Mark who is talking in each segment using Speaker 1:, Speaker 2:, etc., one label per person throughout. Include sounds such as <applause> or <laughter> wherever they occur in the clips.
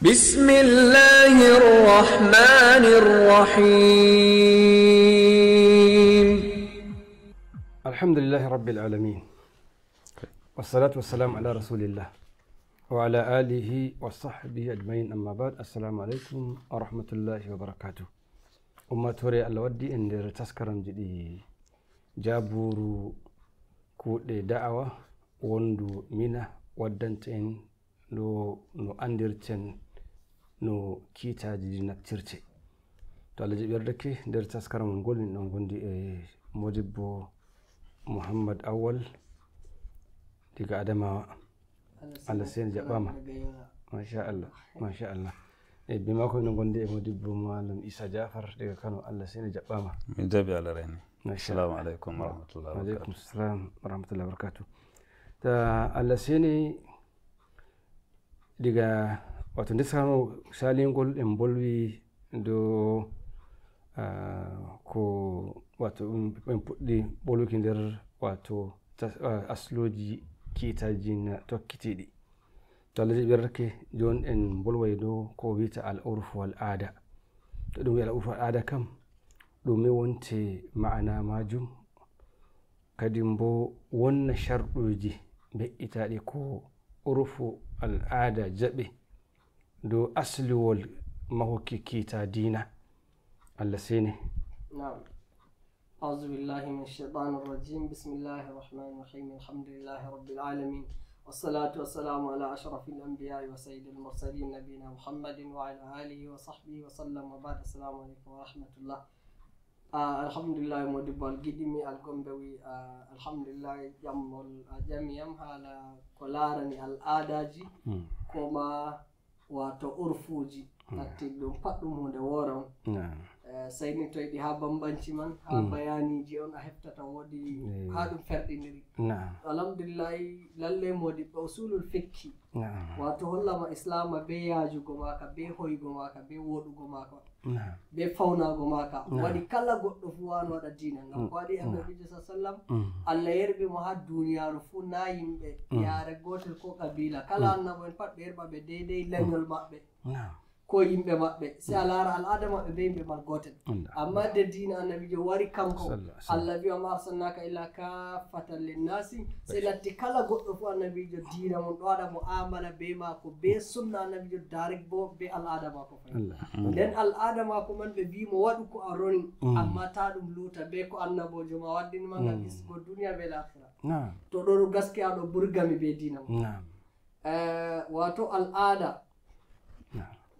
Speaker 1: بسم الله الرحمن الرحيم الحمد
Speaker 2: لله رب العالمين والصلاة والسلام على رسول الله وعلى آله وصحبه أجمعين أما بعد السلام عليكم ورحمة الله وبركاته أما توري ودي إن رتسكرم جدي جابورو كود دعوة وندو منا ودنتين لو نو أندرتين no kitaji kiitaji naftirte to allah jaɓirɗake nder taskara mon ngol min ɗon gondi e modibbo mouhammad awal diga adamawa allah seni jaɓɓama machallah machallah eyyi mako ene gondi e modibbo malam isa jafar daga kano allah sene jaɓɓama mi
Speaker 3: jaɓi allah reni assalamu aleykum warahmatullah aleykum
Speaker 2: salam warahmatullah wabarakatu ta allah sene diga wato ndesano salingol en bolwi do uh, ko wato en puɗɗi ɓolwuki nder wato uh, asloji kiitaji na tokkitiɗi to allah jiɓi rake joni en bolway do ko wiyta al urfu wal aada to ɗum wi al urfu wal aada kam ɗume wonte ma'ana majum kadin bo wonna sharɗuji be'itaɗi ko urfu al aada jaɓe do asliwal mahukiki dina allah sai ne
Speaker 1: azubillahi min shaɓanar rajim bismillahi rahman rahim alhamdulillahi wa ala alihi wa sahbi wa sallam wa ba ka salamu alaikum wa rahmatullah kula rani al'adaji kuma wato urfuji hmm. attiɗum pat ɗum hunde woore on hmm. eh, sayni to yiɗi haa bambanci man haa hmm. bayaniji on a heftata woodi eh. haa ɗum ferɗidiri alhamdulillahi lallay modi ɓo suulol fekki wato hollama islama be yaajugo maaka be hoygo maaka be woɗugo maaka be fawnaago maa ka waɗi kala goɗɗo fuu waano waɗa diina ngam mm. ko waɗi mm. annabijo sa sallam mm. allah yerɓi mo haa duuniyaaru fuu naa yimɓe yaare gootel ko kabila kala annabo en pat ɓe yerɓa ɓe deydey leñol maɓɓe ko yimɓe maɓɓe si a laara al aada maɓɓe be yimɓe man gotel amma de dina annabijo wari kanko allah wi ama arsalnaka ila kaffatan linnasi si latti kala goɗɗo fo annabijo dina mum ɗo waɗa mo amana be maako be sumna annabijo darik bo be al aada maako fa nden al aada maako man ɓe mbimo waɗu ko a roni mm. amma ta ɗum luuta be ko annabojo ma waddinima ga mm. isgo duniya be lafira to ɗo ɗo gaske aɗo ɓurgami be dina mum eh, wato al aada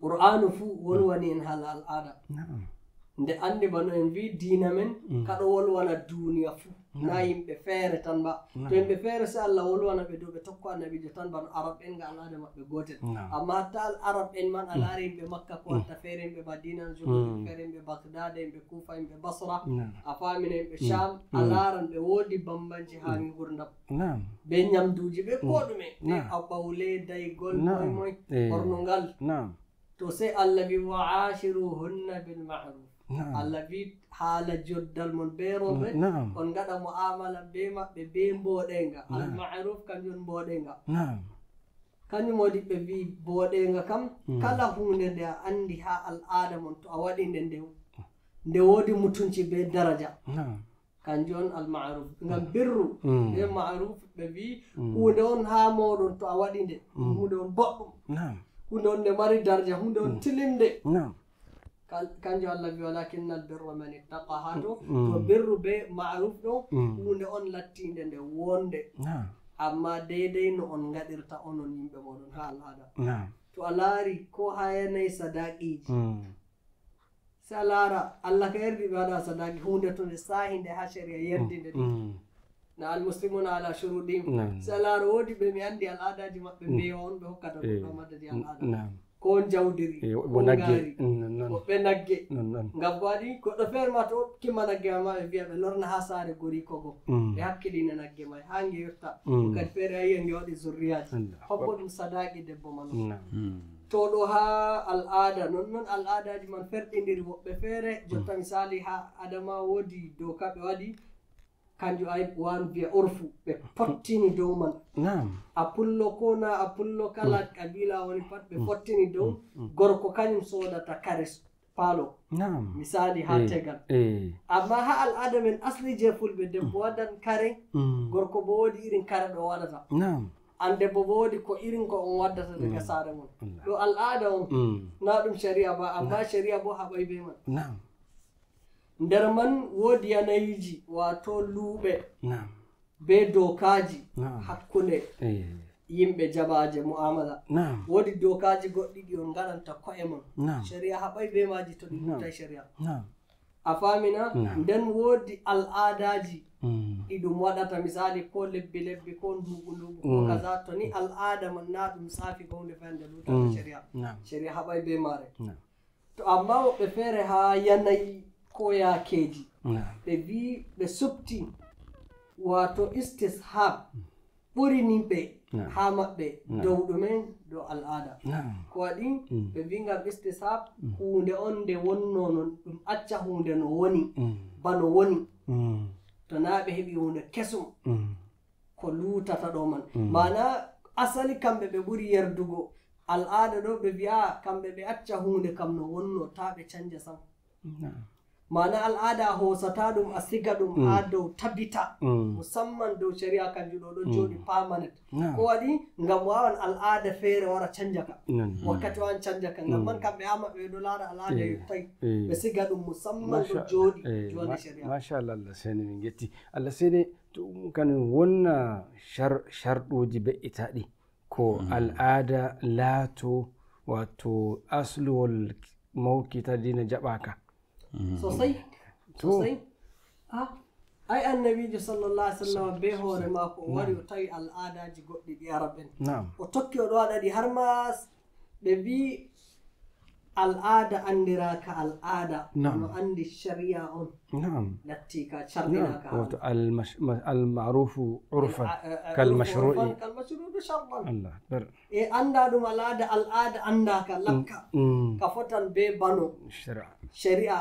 Speaker 1: qur'aanu fuu wolwani en haala al'aada nde anndi bano en mbi diina men kaɗo wolwana duuniya fuu na yimɓe feere tan ba to yimɓe feere so allah wolwana ɓe dow ɓe tokko annabijo tan bano arab en nga alaada maɓɓe gootel amma hatta al arab en man a laari yimɓe makka ko watta feere yimɓe madina jogoɗum feere yimɓe bagdada yimɓe kuufa yimɓe basra a faamina yimɓe cham a laaran ɓe woodi bambanci haa gurdam
Speaker 2: be ñamduuji ɓe ko ɗume
Speaker 1: a ɓawle daygol moy moy ɓornungal تو توسي الذي وعاشروهن بالمعروف نعم الذي حال جد المنبير نعم كون نعم۔ قد معاملة بما ببين بودينغا نعم۔ المعروف كان يون بودينغا نعم كان يمودي ببي بودينغا كم كلا هون دي عندي ها الآدم انتو أولي نديو نديودي متونشي بي درجة نعم كان نعم۔ جون المعروف نعم بيرو المعروف ببي ودون ها مورون تو أولي نديو ودون بقم نعم hunde on nde mari darja hunde on mm. tilimde kanjo allah wi walakinna birru man ittaqa ha to mm. to birru be maruf ɗo mm. hunde on lattinde nde wonde amma deydey no on gaɗirta onon yimɓe moɗon ha alada to a laari ko hayanayi sadakiji se a laara allah ka yerdi ɓe waɗa sadaki hunde to nde sahi nde ha sharia yerdi nde ɗi na almuslimuna ala shurudihim sa laaro woodi ɓe mi anndi al'adaji maɓɓe mm. mbiwa on ɓe hokkata gomadaji eh, al'ada ko on jawdiri eh, ko gaari mm, oɓɓe nagge ngam kowaɗi goɗɗo feere ma to kimma nagge ma ma ɓe mbiya ɓe lorna haa saare goriko go mm. ɓe hakkiɗine nagge ma haa nge yotta kadi feere ayiya nge waɗi zurriyaji hoppo ɗum sadaki debbo ma non to ɗo haa al'aada non noon al'aadaji man ferɗidiri woɓɓe feere jotta misali haa adama woodi dow ka ɓe waɗi kanjum ay wan mbiya orfu ɓe pottini dow man a pullo ko na a pullo kala mm. kabila woni pat ɓe pottini mm. dow mm, gorko kañum sodata kare paalo misali ha eh, tegal eh. amma ha al ada men asli je fulɓe debbo waddan kare gorko bo woodi irin kare ɗo waɗata ande bo woodi ko irin ko on waddata daga saare mon ɗo al ada on na ɗum sharia ba amma sharia bo haɓay be man nder man woodi yanayiji wato luuɓe be dokaji hakkunde yimɓe jabaje mu'amala woodi dokaji goɗɗi ɗi on ngaɗanta ko'e mon sharia haɓay be maji to ɗiutai sharia a famina nden woodi al aadaji mm. ɗi ɗum waɗata misali ko lebbi lebbi ko ndugu ndugu ko mm. kaza to ni al aada man na ɗum saafi ko hunde fernde ɗutata mm. sharia sharia haɓay be maare to amma woɓɓe feere ha yanayi koyakeji ɓe mm. bii ɓe subti wato istis ha ɓurini ɓe mm. ha maɓɓe mm. dow ɗumen do al ada mm. ko waɗi mm. ɓe mm. bingal istis ha mm. hunde on nde wonno non ɗum acca hunde no woni mm. bano woni mm. to na ɓe heɓi hunde kesum mm. ko lutata ɗo man mm. mana asali kamɓe ɓe ɓuri yardugo al ada ɗo ɓe mbiya kamɓe ɓe acca hunde kam no wonno ta ɓe canja sam mm. mana al aada a hosata ɗum a siga ɗum mm. ha dow tabbita mm. musamman dow sharia kanjum ɗo ɗo mm. joɗi pamanet ko waɗi ngam wawan al aada feere wara canja ka wakkati wawan canja ka ngam man kamɓe ha maɓɓe ɗo laara al aada eh, yettai eh. ɓe siga ɗum musamman ɗo
Speaker 2: joɗi eh, jonde sharia machallah allah seene min getti allah seene to um kanum wonna har sharɗuji beƴƴitaɗi ko al aada laato wato asluwol mawkita dina jaɓaka سوسي
Speaker 1: سوسي ها اي النبي صلى الله عليه وسلم به هور ما كو وري تاي الادا جي غودي دي عربن نعم وتوكي دو ادي هرماس بي al'aada anndiraka al'aada no anndi sharia on nam lattiika carɗinaka
Speaker 2: almarufu urfan kalmashrui
Speaker 1: kalmashru'i sharran allah akbar e annda ɗum al'aada al'aada anndaka lakka ka fotan be bano sharia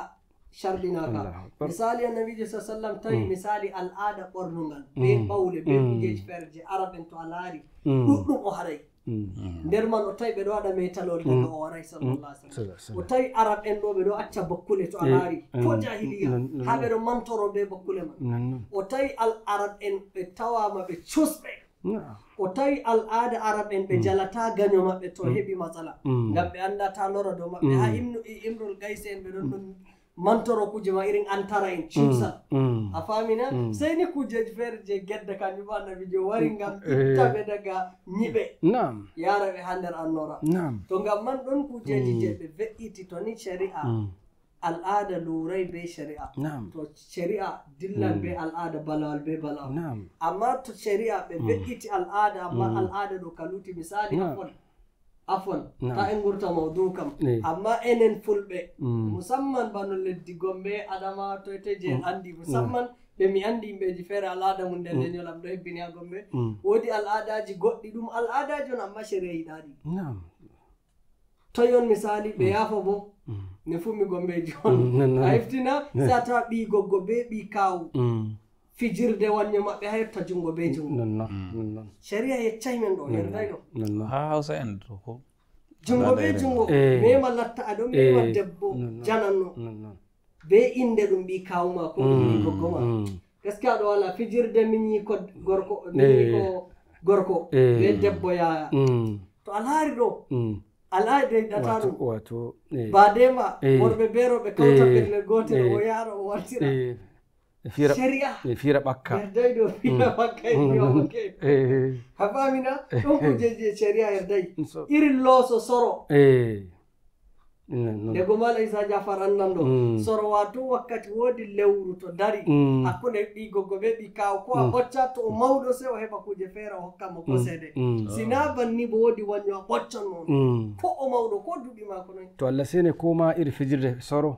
Speaker 1: sardinaka misali annabijo sa sallam tawi mm. misali al aada ɓornongal mm. be bawle be mm. kujeji feere je araben to a laari ɗuɗɗum o haray nder man o tawi ɓeɗo waɗa metalol daga o waray salllah o tawi arab en ɗo ɓeɗo acca bakkule to a eh, laari eh, ko jahiliya ha ɓeɗo mantoro be bakkule ma o tawi al arab en ɓe tawama ɓe cosɓe o tawi al aada arab en ɓe jalata gaño maɓɓe to heɓi matsala ngam ɓe anda ta loro dow maɓɓe ha imrol gayse en ɓeɗon ɗon mantoro kuje ma irin antara en mm, cimsa mm. a faamina mm. sey ni kujeji feere je gedda ka mi ɓaannabijo wari ngam eh. ittaɓe daga ñiɓe yara ɓe ha nder annora to ngam man ɗon kujeji je ɓe ve'iti to ni sharia al aada luuray be sharia to sharia dillan be al aada balawal be balawal amma to sharia ɓe ve'iti al aada amma al aada ɗo ka luti misali a fol afon ta en gurta mawdu kam amma enen fulɓe mm. musamman bano leddi gombe adama toyte je en mm. andi mm. musamman ɓe mi andi yimɓeji feere al'ada mum nde leñol am ɗo hebbini ha gombe woodi al'adaji goɗɗi ɗum al'adaji on amma sere yiɗaɗi toyon misali ɓe yaafa bo ne fumi gombeji <laughs> on a heftina eh. sa tawa ɓi goggo be ɓi kawu fijirde wanño maɓɓe ha yetta jungo be jungo mm. sharia yeccayi men ɗo erdayɗo ha hawsa en jungo be jungo eh. mema latta aɗo mema eh. debbo jananno be inde ɗum mbi kawu ma ko ɗum mm, gogo ma est ce que aɗo wala fijirde miñi ko gorko miñiko eh. gorko be debbo yaya mm. to a laari ɗo alaa deyɗata ɗum baadema worɓe beroɓe kawta pelle gotel o yaara o wartira
Speaker 2: E fira ɓakka e yerdayɗo fira ɓakka mm. e mm. a famina ɗon kujeji
Speaker 1: e caria yerdayi <laughs> irin looso soro
Speaker 2: nde ko
Speaker 1: mala isa jafar annan ɗo mm. sorowa to wakkati woodi lewru to dari akkune ɓi goggo ɓe ɓi kaw ko a ɓocca to o mawɗo se o heɓa kuje feere o hokkamo koseede sina ah. banni bo woodi wanño a ɓoccan mon ko o mawɗo ko duuɓi maako noy
Speaker 2: to allah sene koma iri fijirde soro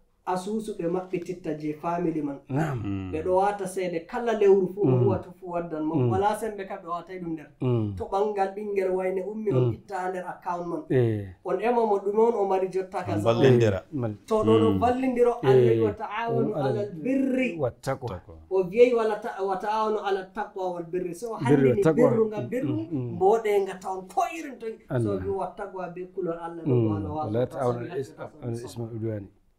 Speaker 1: asusuɓe maɓɓe titta je famili man ɓe ɗo wata seede kala lewru fu o mm. huwato fu waddan ma mm. wala sembe kam ɓe watay ɗum nder mm. to ɓangal ɓingel wayne ummi on itta ha nder account man eh. on ema mo ɗume on o mari jotta kaa to ɗo ɗo vallidiro allah wata eh. awanu alal birri wattako o wiyeyi walata wata awanu alal taqwawal birri so hallini birru ngam birru mboɗe nga tawon ko irin toyi so wi wattagoa be kulol allah ɗo wala wawa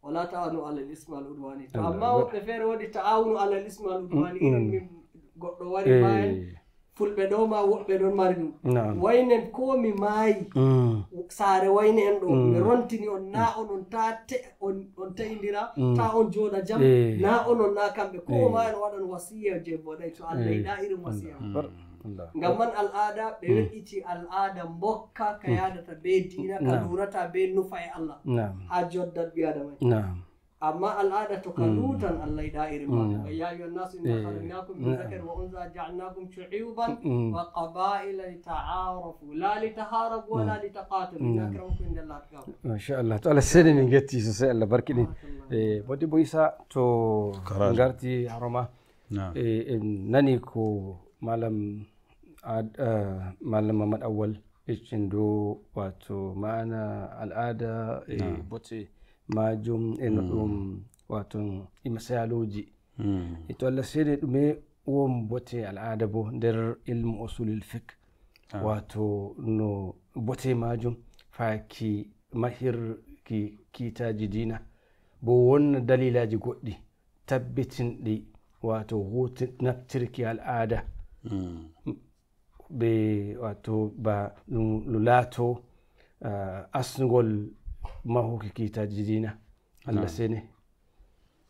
Speaker 1: wala ta'anu allah lismal udwani to amma woɓɓe feere woɗi ta'awnu allah lismal udwani mm, mm. min goɗɗo waɗi eh. maen fulɓe ɗo ma woɓɓe ɗon mari ɗum waynen ko mi maayi mm. saare wayne en ɗo ɓe rontini on na onon ta te on ta'indira ta on jooɗa jam eh. na onon na kamɓe ko eh. ma en waɗan wasiya je boɗay to allah yiɗa irin wasiya Gamman al'aadaa ɓe we'iti al'aadaa mbokka ka yaadata be dina ka luurata be nufa e Allah haa joddat ɓi adama amma al'aada to ka luutan Allah yiɗaa irin ma ya ayuha nnasu inna khalaqnakum min dhakar wa unsa jaalnakum shu'uban wa qabaila litaarafu la litaharabu wa la litaqatalu inna akramakum inda allah
Speaker 2: ma sha Allah to Allah seeni min getti sosai Allah barkiɗi e bodde bo to ngarti haroma en nani ko malam Eh, malam mamad awal do wato ma'ana al'ada eh, e bote majum en eh, hmm. dum wato imasaloji mm. e to allah seede ɗume won bote al'ada bo nder ilmu usulil fik ah. wato no bote majum faki mahirki kitaji dina bo wonna dalilaji goɗɗi tabbitinɗi wato hutin naftirki al'ada hmm. Be wato ba lulato uh, asnugol mahuki kita dina
Speaker 3: allah ne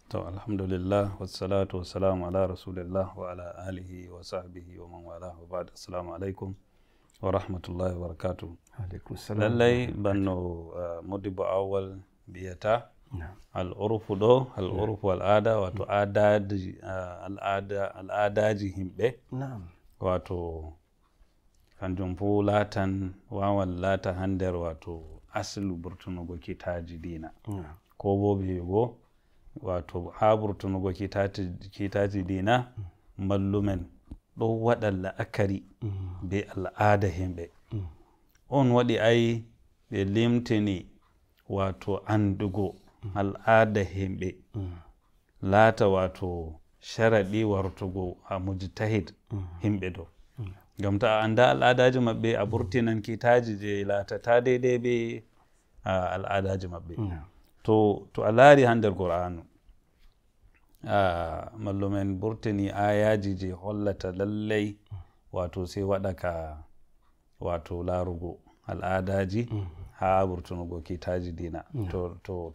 Speaker 3: to alhamdulillah wassalatu wassalamu ala rasulillah wa ala alihi wa sahbihi wa man wala wa ba'd assalamu alaikum wa rahmatullahi wa barakatuh lallai banno mudibu awwal biyata al'urufu do al'urufu al'ada wato al'adaji himbe. Naam. wato kanjum fu latan wawan lata han nder wato asli burtunugo kitaji dina ko bo bebo wato ha burtunugo kitaji dina mm. mallumen ɗo waɗa la'akari mm. be al'ada himɓe mm. on waɗi ai ɓe limtini wato andugo al'ada himɓe lata wato sharaɗi wartugo a mujtahid himɓe ɗo ngam ta anda al'adaji maɓɓe a ɓurtinanki kitaji je latata daidai be al'adaji maɓɓe to to a lari ha nder qur'anu mallum en burtini ayaji je hollata lallai wato sai waɗa ka wato larugo al'adaji mm-hmm. ha ɓurtunugo kitaji dina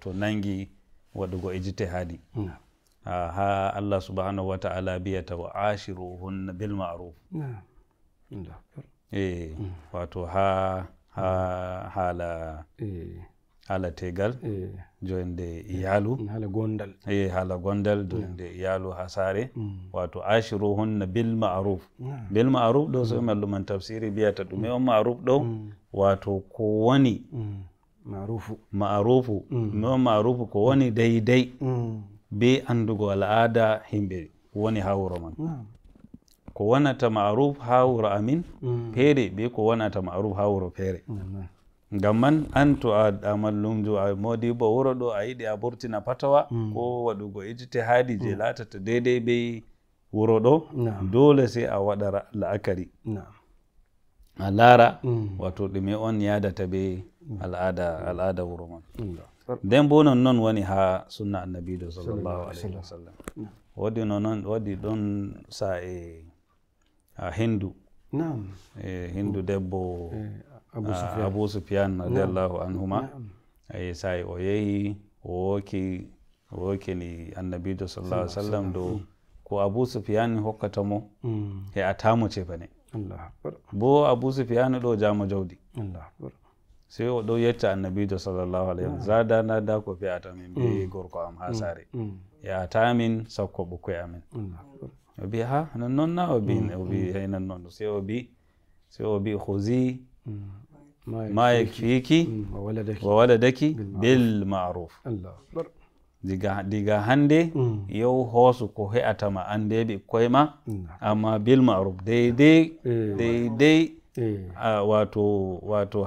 Speaker 3: to nangi waɗugo hadi. ha allah subhanahu wa ta'ala biyata wa ashiruhunna bil ma'ruf Eh, mm. wato ha hala eh. hala tegal eh. joyinde iyalu mm, hala gondal eh hala gondal joyinde mm. iyalu ha sare wato ashiruhunna bil ma'ruf ah. bil ma'ruf do so malluman tafsiri biyata Dume on ma'ruf do wato ko wani. ma'rufu ma'rufu no on ma'rufu ko wani daidai be andugo al'ada himbe woni ha wuro man ko wonata maruf ha wuro amin feere mm. be ko wonata maruf ha wuro feere ngam man an to a mallumjo a modi bo wuro ɗo a yiɗi a ɓurtina patawa mm. ko waɗugo ijite haadi je mm. laatata deidai ɓe wuro ɗo dole sey a waɗara la'akari a laara wato ɗume on yadata be alada al'ada wuro man nden bo non noon woni ha sunna annabijo sallllahu alayhi wa sallam woodi no noon waɗi ɗon sa'e hendu nam e hendu debbo e abou soufiane radiallahu anhuma eyi sa o yehi o woki wokini annabijo sallah ah sallam dow ko abou soufiane hokkatamo mm. he atamo cefane bo abou soufiane ɗo jama jawdi se o ɗo yetta annabijo sallllahu alayhi wa sallam zada nada ko fe'ata min mbi mm. gorko am ha mm. saare min sakko ɓukkoye amin. o mbi ha non na o ne o ya yi nan noon si o obi sai o mbi husi
Speaker 2: ma yakfiki mm, wa
Speaker 3: daki, bil maruf diga hande mm. yau hosu ko he'atama ande kwai ma mm. amma bil maruf Daidai eh. eh. wato wato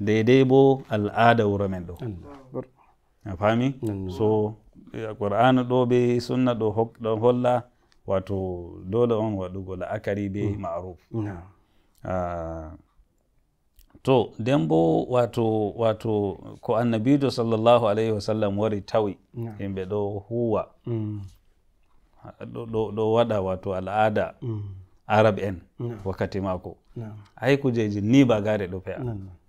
Speaker 3: daidai bo al'ada wuramen men ɗo a fami so qur'ana ɗo ɓe sunna ɗo ɗo holla wato dole on waɗugo la'akari be mm. maruf ah, to nden bo wato wato ko annabijo sallllahu alayhi wa sallam wari tawi yimɓe ɗo huwa mm. ɗo waɗa wato al'ada mm. arabe en wakkati maako hay kujeji nibagare ɗo peya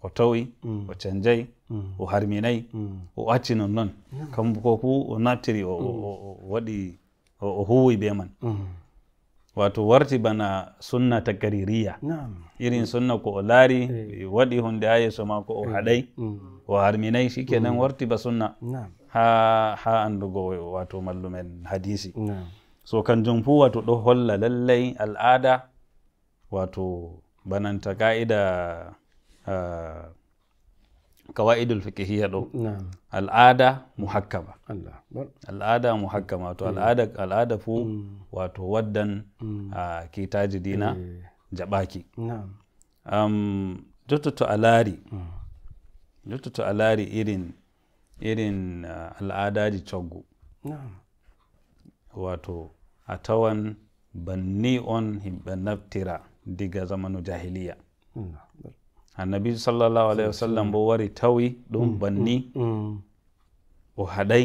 Speaker 3: o towi mm. o canjayi mm. o harminayi mm. o acci non noon kambo ko fu o naftiri o waɗi o huwi be man wato warti bana sunna takaririya irin sunna ko o laari waɗi hunde ha yeso maako o haɗay o harminayi shikenan warti ba sunna ha ha andugo wato mallum en hadisi so kan jumfu wato ɗo holla lallai al'ada wato bananta ka'ida ah, kawa'idul fiqhiyya ɗo al'ada muhakkama al'ada muhakkama wato mm. al'ada al'ada fu mm. wato waddan mm. ah, kitaji dina eh. jaɓaki jottoto to laari a lari irin irin ah, al'adaji coggu wato a tawan banni on himɓe naftira diga zamanu jahiliya annabi sallllahu alahi wa sallam bo wari tawi ɗum mm, banni mm, mm. o haɗay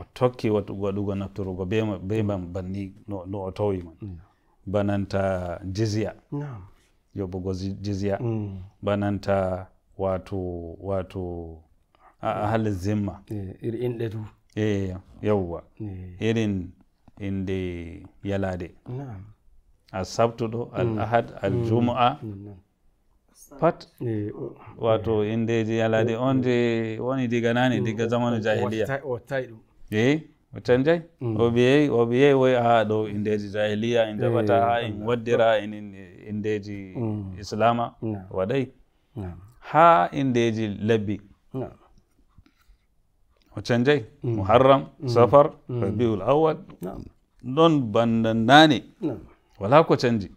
Speaker 3: o tokki waɗugo nafturugo be man banni no o tawi man bananta jizya yoɓugo jizya bananta watu watu ahal zimma eh, iri inɗe tu e eh, yawwa eh. irin inde yalade al sabtuɗo mm. al ahad mm. al jumua mm. pat eh, wato eh. indeji yalade on de woni diga nani diga zamanu jahiliya eyi o canjay eh? o ɓiyey o ɓiyey woy aha ɗo indeji jahiliya en jaɓata ha en waddira en indeji islama waɗay ha indeji lebbi وشان جاي محرم سفر ربيع الاول نعم دون بندناني نعم ولا كو تشنجي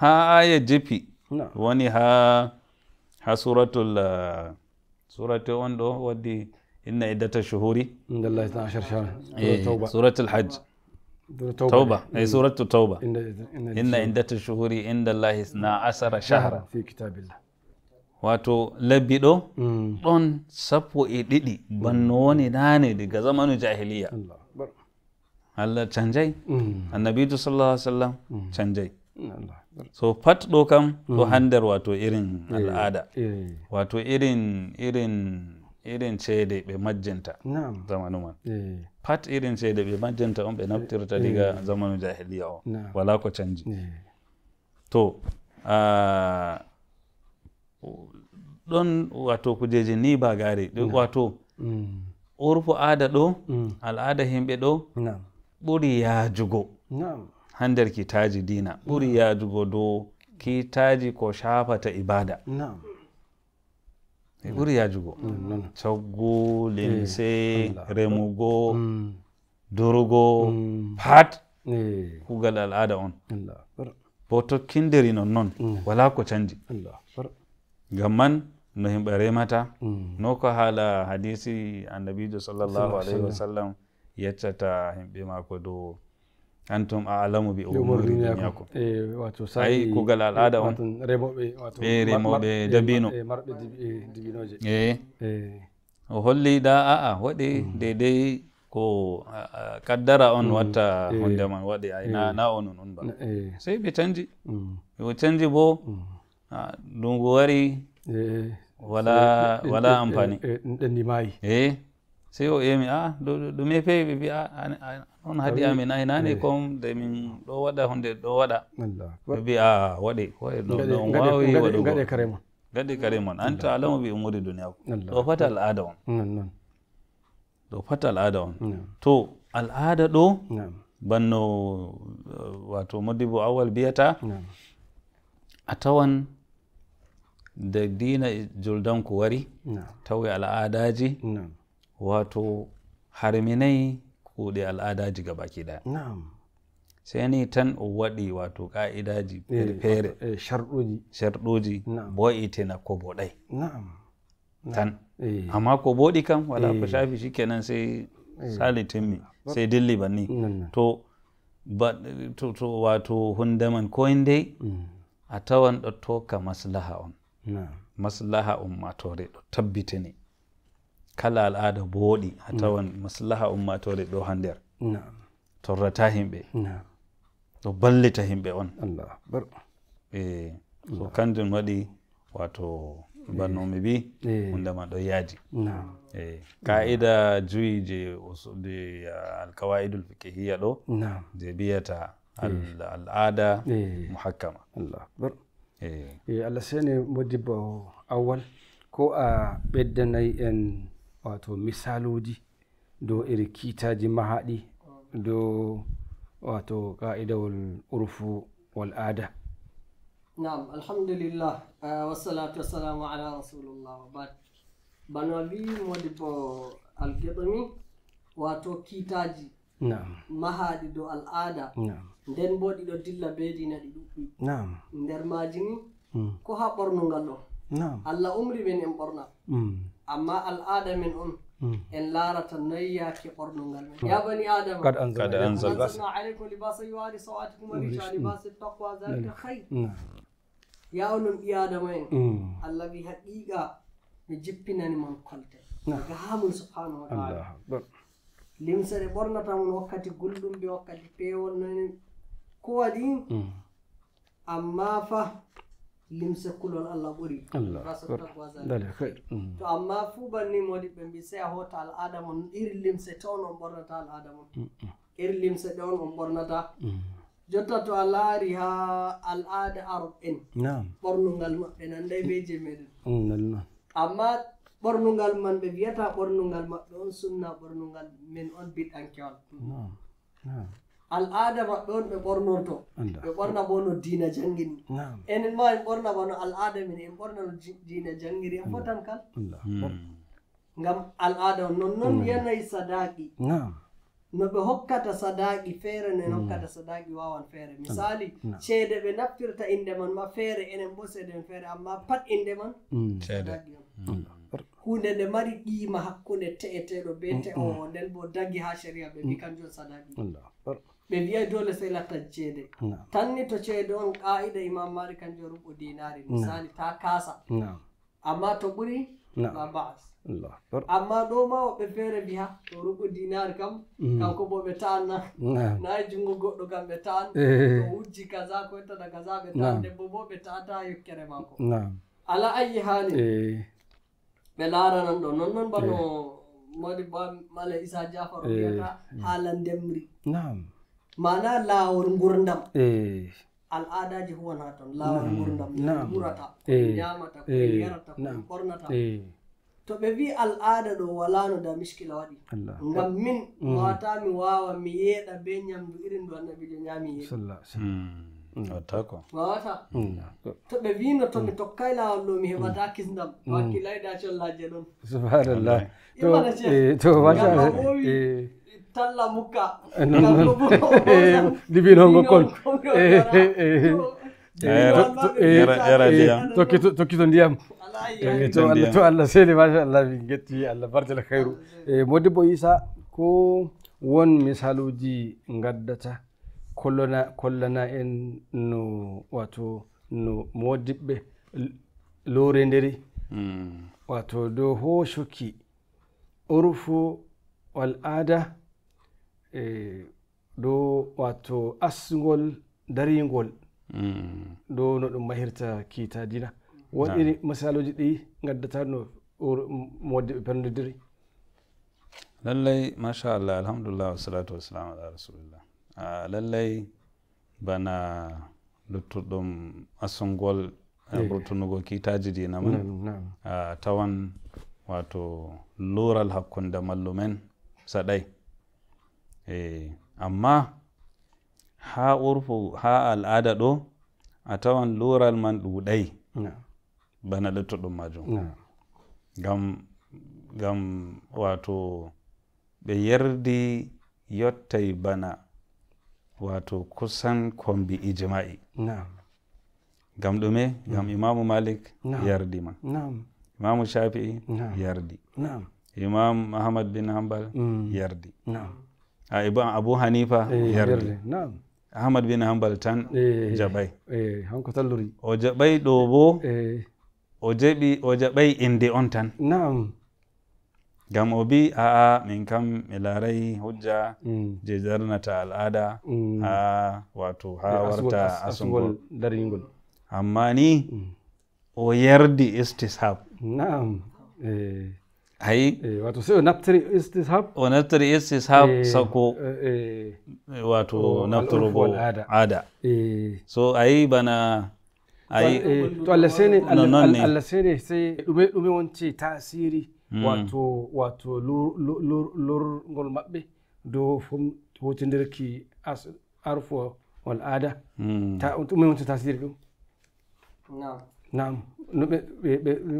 Speaker 3: ها اي جي بي نعم وني ها ها سورة ال سورة وندو ودي إن عدة الشهور عند الله 12 شهر سورة, إيه، سورة الحج توبة, أي سورة التوبة إن عدة الشهور عند الله 12 شهرا في كتاب الله wato labbi ɗo mm. ɗon sappo e ɗiɗi banno woni nane daga zamanu jahiliya allah canjai. annabijo sallah ai sallam canjai so pat ɗo kam ɗo mm. hander wato irin eh, al'ada eh. wato irin irin irin cede ɓe majjinta zamanu man eh. pat irin cede ɓe majjinta on ɓe naftirta diga zamanu jahiliya o wala ko canji to ɗon wato kujeji ni bagari wato mm. urfu aada ɗo mm. al aada himɓe ɗo ɓuri yajugo ha nder kitaji dina ɓuri yajugo dow kitaji ko shafata ibada ɓe ɓuri yajugo mm, coggu eh, limse remugo durugo pat eh. kugal al aada on bo tokkindiri nonnoon wala ko canji ngam man no himɓe remata mm. no ko haala hadisi annabijo sallallahu alaihi wa sallam yeccata himɓe maako dow antum alamu bi umuri duniyakum eh, ayi kugal al'ada on ɓe remoɓe dabino ee. o holli ɗa a'a waɗi mm. deidei ko kaddara on mm. watta eh. hunde man waɗi na eh. onon on ba sai ɓe canji o canji bo ndungu wari wala e, e, wala ampani ɗenndi maayi e, e eh? sey o ƴeemi a ɗume pewi ɓe mbi a noon haadi amin ay naane eh. kom de min ɗo waɗa hunde ɗo waɗa ɓe mbi a waɗe waɗeɗon waawi waɗugogaɗe kare mon gaɗe kare mon anta alamo ɓe umori duniya ko ɗo fat al aada on ɗo fat al aada on to al aada ɗo banno wato modibo awal biyata a tawan da dina juldan kuwari tauye al'adaji wato harminai kuɗe al'adaji ga baki daya sai ni tan waɗi wato ƙa'idaji eh, fere eh, sharɗoji bo'ite na ɗai tan eh. amma ɗi kam wala ku shafi shi kenan sai salitin mi sai dilli banni to wato hundaman ko dai mm. a tawan ɗattoka maslaha on maslaha ummatore ɗo tabbitini kala al'ada boɗi a mm. tawan maslaha ummatore ɗo ha nder torrata himɓe ɗo ballita himɓe on e so kanjum waɗi wato banno mi bi e. hunde man ɗo yaaji e, ka'ida juyi je je alkawaidul fikihiya ɗo je biyata e. al'ada muhakkama Eh.
Speaker 2: Eh, Allah sai ne modibo awal ko a beddanai en wato misaloji do iri kitaji mahaɗi do wato ka'idawol urfu wal Na'am
Speaker 1: nam alhamdulillah eh, wassalatu wassalamu ala rasulullah wa bad bano wi modibo wato wato Na'am. mahaɗi do al Na'am. nden bo ɗiɗo dilla beeɗinaɗi ɗuɗɗi nam nder maaji ni mm. ko haa ɓornongal ɗo nam allah umri men en ɓorna mm. amma al aada men on mm. en laarata noyi yaake ɓornongal men ya bani adamaaaa aleykum libasa yuwaadi sawatikum arica libasa taqwa zalika hay ya onon ɓi adama en allah wi haqiiqa mi jippinani mon kolte gahamum subhanahu wa taala limse ɗe ɓornatamon wakkati gulɗum ɓe wakkati peewol noni kuwa hmm. amma fa limse kulol allah ɓuri hmm. to amma fu banni modi ɓe mbi sey a hoota adam mon ir limse to on on ɓornata adam mon hmm, ir limse ɗe on on ɓornata jotta to a laari al al'aada arab en ɓornungal maɓɓe nanday be je
Speaker 2: meɗen
Speaker 1: amma ɓornungal man ɓe wiyata ɓornungal maɓɓe on sunna ɓornungal min on biɗankewal al adama ɗon ɓe ɓornorto ɓe ɓorna bo no dina jangiri enen ma en ɓorna ba no al adama ni en ɓorna no dina jangiri a fotan kal hmm. ngam al adama nonnoon hmm. yanayi sadaki no ɓe hokkata sadaki feere noen hmm. hokkata sadaki wawan feere misali ceede ɓe naftirta inde man ma feere enen bo seede men feere amma pat inde man
Speaker 2: sadaki on
Speaker 1: hunde nde mari qiima hakkunde te eteɗo be te o nden bo dagi ha sharia ɓe mbi kanjum sadaki ɓe wiya dole sey latta ceede tanni to ceede on qaa'ida imam mari kanjum ruɓo dinari misali ta kaasa amma to ɓuri mabas amma ɗo ma woɓɓe feere mbiya to ruɓo dinari kam mm. kanko bo ɓe taanna nayi jungo goɗɗo kam ɓe taan eh. wujji kaza ko ettata kaza ɓe taan debbo bo ɓe taata yokkere maako ala ayi haani eh. ɓe laaranan ɗo nonnoon bano eh. modi ba male isa diafaro wiyata haala ndemri ma'ana lawar gurdam eh. al'ada ji huwa ton lawar gurdam murata ko eh. eh. nyamata ko yarata ko kornata to ɓe wi al'ada wala no da miskila wadi ngam min mm. wata mi wawa mi yeda be nyamdu irin do je nyami wasallam
Speaker 2: hmm. Mm. wawata mm.
Speaker 1: to ɓe wino to mi tokkay lawol ɗo mi mm. heɓata kisdam wakkilaiɗa collaje ɗon
Speaker 2: subhanallah to machallah
Speaker 1: eh, eh, eh. talla mukka dibinongo kon
Speaker 2: tokkito ndiyam to allah seeli machallah min getti allah bardela hayru modibbo isa ko won misaluji gaddata kollona kollana en no wato no modiɓɓe lorendiri mm. wato dow hoshoki urfu wal ada e do wato asgol darigol do mm. no ɗum mahirta kiita dina woɗiri misaloji ɗi gaddata no modiɓe perdidiri
Speaker 3: lallay machallah alhamdulillah wasalatu wasalamu ala rasulillah lallay bana luttuɗum asongol ɓurtunugo eh, kitaji dina man tawan wato lural hakkunde mallumen saɗay e amma ha urfu ha al'ada ɗo a tawan lural man ɗuɗay bana luttuɗum majum gam gam wato ɓe yerdi yottay bana wato kusan kombi ijima'i gam ɗume gam imamu malik yardi ma imamu shafi'i yardi imam ahmad bin hanbal mm. yardi a ibn abu hanifa eh, yardi ahmad bin hanbal tan eh, eh, jabai o jabai ɗo bo o jaɓi o inde on tan gam obi a'a min kam mi larai hujja mm. je zarnata al'ada mm. ha wato hawarta asungol amma
Speaker 2: ni mm. o
Speaker 3: yardi istishab na'am eh, ai eh, wato sai o naftiri istishab o naftiri istishab eh, sako
Speaker 2: wato naftirugo ada
Speaker 3: so ai bana ai to allah sene allah
Speaker 2: sene sai dume dume wonci tasiri wato wato lorgol maɓɓe dow as arfo wal aada mi wonta tasiri ɗum nam no be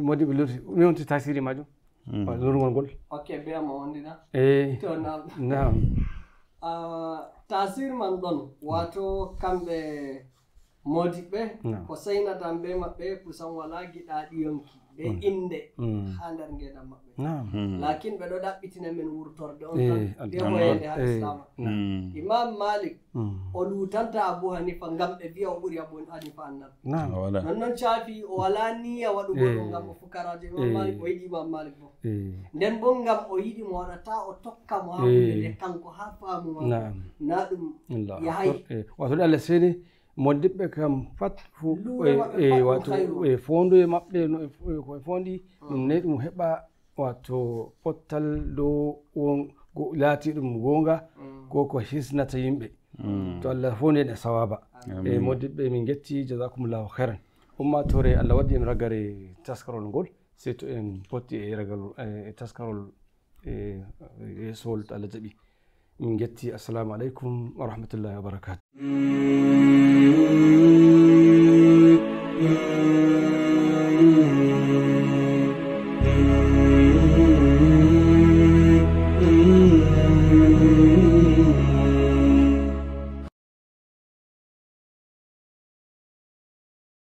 Speaker 2: modi be lorti mi wonta tasiri majum hmm. lorgol ngol
Speaker 1: ok beyamo wondina eyi eh. to nam nam <laughs> ah, tasir man don wato modi be, ko saynatan be mabbe kusan wala giɗa yonki be mm. innde mm. haa nder ngeeɗam maɓɓe mm. lakin ɓe ɗo ɗaɓɓitina min wurtorde on eh, tan be moyede ha eh. islama imam malik o lutanta abou hanifa ngam ɓe mbiya o ɓuri abou hanifa annabinon ah, noon caafi o wala niya waɗugo ɗo eh. ngam o fukaraje imammalik o yiɗi imam malik bo nden bo ngam o yiɗi mo waɗata o tokka mo ha hunde nde kanko ha faamu ma na ɗum yahay
Speaker 2: wato ɗe allah seeni moddiɓɓe kam pat fue e- e wato e fonduye maɓɓe noe fondi e ɗum nayi ɗum heɓa wato pottal dow laati ɗum gonga mm. ko ko hisnata yimɓe mm. to allah fondi en e sawaba e moddiɓɓe min getti jasakumllahu heran ummatore allah waddi en raggare taskarol ngol surtout en potti e ragal e taskarol e yesol allah jaaɓi من جدتي السلام عليكم ورحمة الله وبركاته